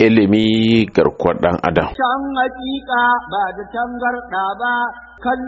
ilimi garkuwar ɗan adam. Can hakika ba da tangarɗa ba kan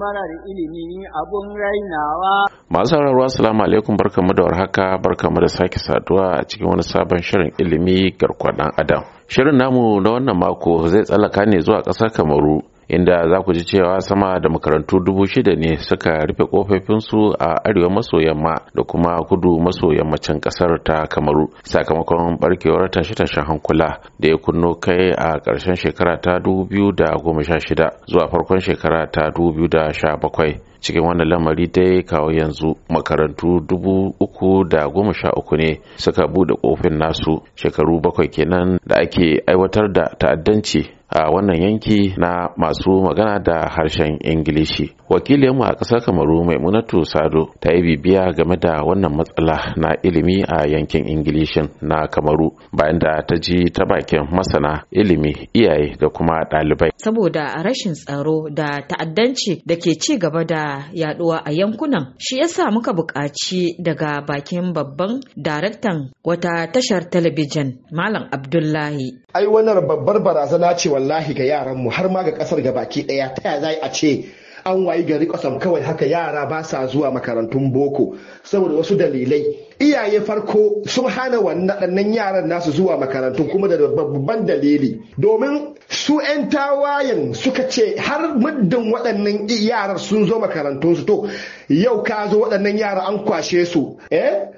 marar ilimi abun rainawa. Masu sauraro salamu alaikum barkamu da warhaka barkamu da sake saduwa a cikin wani sabon shirin ilimi garkuwar ɗan adam. Shirin namu na wannan mako zai tsallaka ne zuwa ƙasar Kamaru inda za ku ji cewa sama da makarantu dubu shida ne suka rufe kofofinsu a arewa maso yamma da kuma kudu maso yammacin kasar ta kamaru sakamakon barkewar tashe-tashen hankula da ya kunno kai a ƙarshen shekara ta dubu biyu da goma sha shida zuwa farkon shekara ta dubu biyu da sha bakwai. cikin wannan lamari dai kawo yanzu makarantu dubu uku da goma sha uku ne suka buɗe ƙofin nasu shekaru bakwai kenan da ake aiwatar da ta'addanci a wannan yanki na masu magana da harshen ingilishi wakilinmu a ƙasar kamaru maimunatu sado ta yi bibiya game da wannan matsala na ilimi a yankin ingilishin na kamaru bayan da ta ji ta bakin masana ilimi iyaye da kuma ɗalibai saboda rashin tsaro da ta'addanci da ke ci gaba da yaduwa a yankunan shi yasa muka buƙaci daga bakin babban daraktan wata tashar talabijin malam abdullahi ai wannan babbar barazana ce wallahi ga yaranmu har ma ga ƙasar gabaki ɗaya ta ya za a ce an wayi gari kwasam kawai haka yara ba sa zuwa makarantun boko saboda wasu dalilai iyaye farko sun hana wannan yaran nasu zuwa makarantun kuma da babban dalili domin su 'yan tawayen suka ce har muddin waɗannan yaran sun zo makarantun su to yau ka zo waɗannan yaran an kwashe su eh?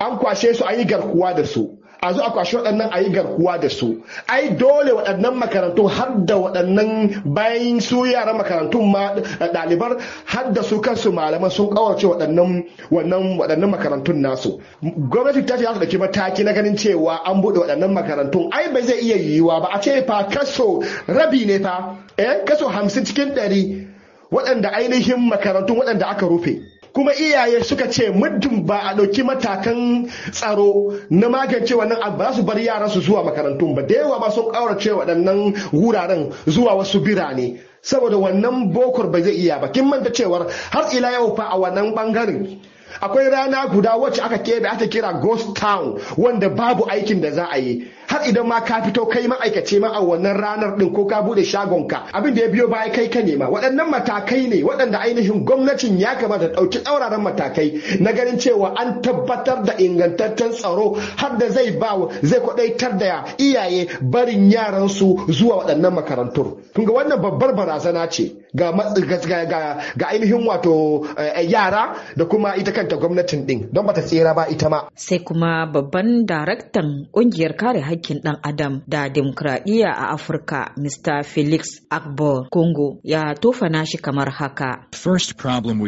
an kwashe su an yi garkuwa da su a zo a kwashi waɗannan a yi garkuwa da su ai dole waɗannan makarantun har da waɗannan bayan su yaran makarantun ma eh, ɗalibar har da su kansu malaman sun kawarce waɗannan makarantun nasu gwamnati ta ce za ta ɗauki mataki na ganin cewa an buɗe waɗannan makarantun ai bai zai iya yiwuwa ba a ce fa kaso rabi ne fa eh kaso hamsin cikin ɗari waɗanda ainihin makarantun waɗanda aka rufe kuma iyaye suka ce muddin ba a ɗauki matakan tsaro na magance wannan abu ba su bar yaran su zuwa makarantun ba da yawa ba sun ƙaurace waɗannan wuraren zuwa wasu birane saboda wannan bokor ba zai iya ba kin manta cewar har ila yau fa a wannan bangaren akwai rana guda wacce aka keɓe aka kira ghost town wanda babu aikin da za a yi har idan ma ka fito kai ma'aikace ma a wannan ranar din ko ka bude shagon ka. abin da ya biyo baya kai ka nema waɗannan matakai ne waɗanda ainihin gwamnatin ya kamata ta ɗauki tsauraran matakai na ganin cewa an tabbatar da ingantaccen tsaro har da zai ba zai kwaɗaitar da iyaye barin yaransu zuwa waɗannan makarantun kun ga wannan babbar barazana ce ga ainihin wato eh, yara da kuma ita kanta gwamnatin din don bata tsira ba ita ma sai kuma babban daraktan ƙungiyar kare hakkin ɗan adam da demokradiyya a Afirka Mr. Felix Akbor Congo ya tofana shi kamar haka. problem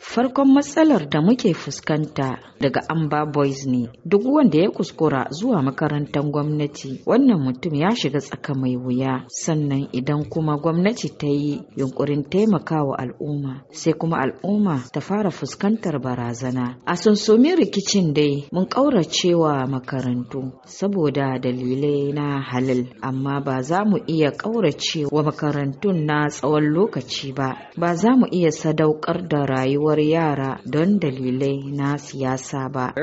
Farkon matsalar da muke fuskanta daga Amba Boys ne, duk wanda ya kuskura zuwa makarantar gwamnati wannan mutum ya shiga tsaka mai wuya sannan idan kuma gwamnati ta yi yunkurin taimakawa al'umma sai kuma al'umma ta fara fuskantar barazana. A sunsumin rikicin dai mun cewa makarantu saboda saboda dalilai na halal amma ba za mu iya ƙaurace wa makarantun na tsawon lokaci ba ba za mu iya sadaukar da rayuwar yara don dalilai na siyasa ba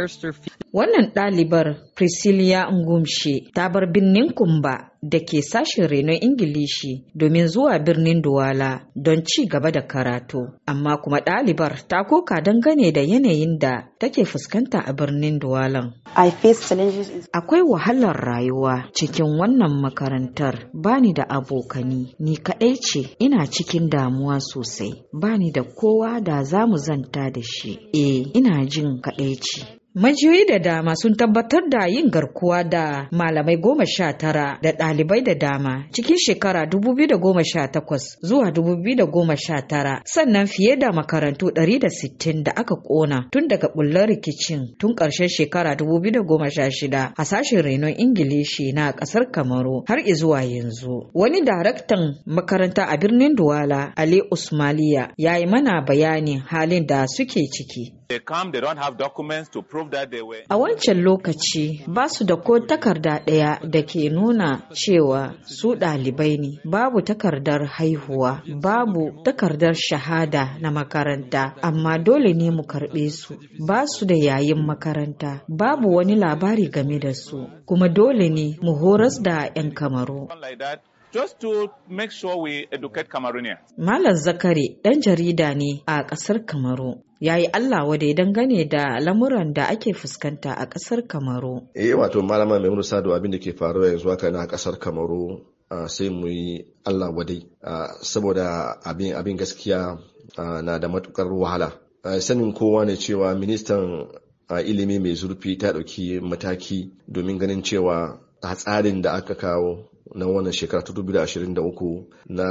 Wannan ɗalibar Priscilla Ngumshe ta bar birnin Kumba da ke sashen renon Ingilishi domin zuwa birnin Duwala don ci gaba da karatu. Amma kuma ɗalibar ta koka dangane da yanayin da take fuskanta a birnin Duwalan. Akwai wahalar rayuwa cikin wannan makarantar bani da abokani, ni kaɗai ce ina cikin damuwa sosai, bani da kowa da za mu zanta da shi. E, ina jin kaɗai ce. Majiyoyi da dama sun tabbatar da yin garkuwa da malamai goma sha tara da ɗalibai da dama cikin shekara 2018 zuwa 2019 sannan fiye da makarantu 160 da aka ƙona tun daga bullar rikicin tun ƙarshen shekara 2016 a sashen renon Ingilishi na ƙasar Kamaru har zuwa yanzu. Wani daraktan makaranta a birnin Duwala Ali Usmaliya ya yi mana bayanin halin da suke ciki. They come, they don't have documents to prove A wancan lokaci ba su da ko takarda ɗaya da ke nuna cewa su ɗalibai ne, babu takardar haihuwa, babu takardar shahada na makaranta, amma dole ne mu karɓe su, ba su da yayin makaranta, babu wani labari game da su, kuma dole ne mu horas da 'yan kamaru. just to make sure we educate Cameroonians. Malam Zakari ɗan jarida ne a ƙasar Kamaru. Ya yi Allah wadai dangane da lamuran da ake fuskanta a ƙasar Kamaru. Eh wato malama mai da abin da ke faruwa yanzu haka na ƙasar Kamaru ah, sai mu yi Allah wadai ah, saboda abin abin gaskiya ah, na da matukar wahala. Sanin kowa ne cewa ministan ilimi mai zurfi ta ɗauki mataki domin ganin cewa a tsarin da aka kawo na wannan shekara ta 2023 na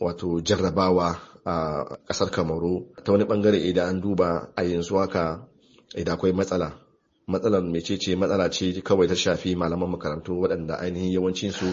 wato jarrabawa a kasar kamaru ta wani bangare idan an duba a yanzu haka idan akwai matsala matsalar mecece matsala ce kawai ta shafi malaman makarantu waɗanda ainihin yawancinsu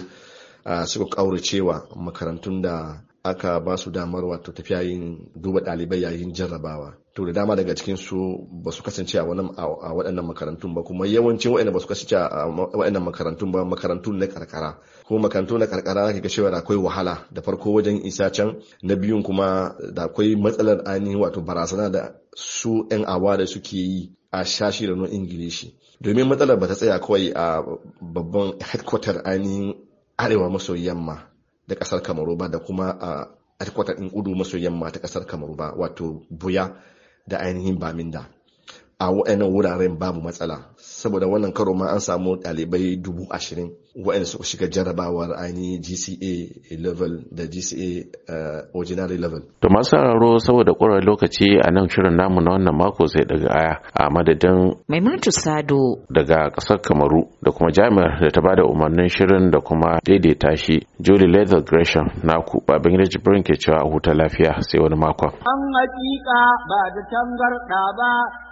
suka ƙauracewa makarantun da aka ba su damar wato tafiya yin duba ɗalibai yayin jarrabawa to da dama daga cikin su ba su kasance a waɗannan makarantun ba kuma yawancin waɗanda ba su kasance a waɗannan makarantun ba makarantun na karkara ko makarantun na karkara ka ga cewa akwai wahala da farko wajen isa can na biyun kuma da akwai matsalar ainihi wato barazana da su 'yan awa da suke yi a shashi da ingilishi domin matsalar ba ta tsaya kawai a babban headquarter ainihin arewa maso yamma da kasar kamaru ba da kuma a ɗin kudu maso yamma ta kasar kamaru ba wato buya da ainihin baminda a waɗannan wuraren babu matsala saboda wannan karo ma an samu ɗalibai dubu ashirin waɗanda suka shiga jarrabawar ainihin GCA level da GCA eh, ordinary level. To masu sauraro saboda ƙwarar lokaci a nan shirin namu na wannan mako sai daga aya a madadin Maimunatu Sado daga ƙasar Kamaru da kuma jami'ar da ta bada umarnin shirin da kuma daidaita shi Julie Leather Gresham na ku. babin Jibrin ke cewa huta lafiya sai wani makon. An hakika ba da tangarɗa ba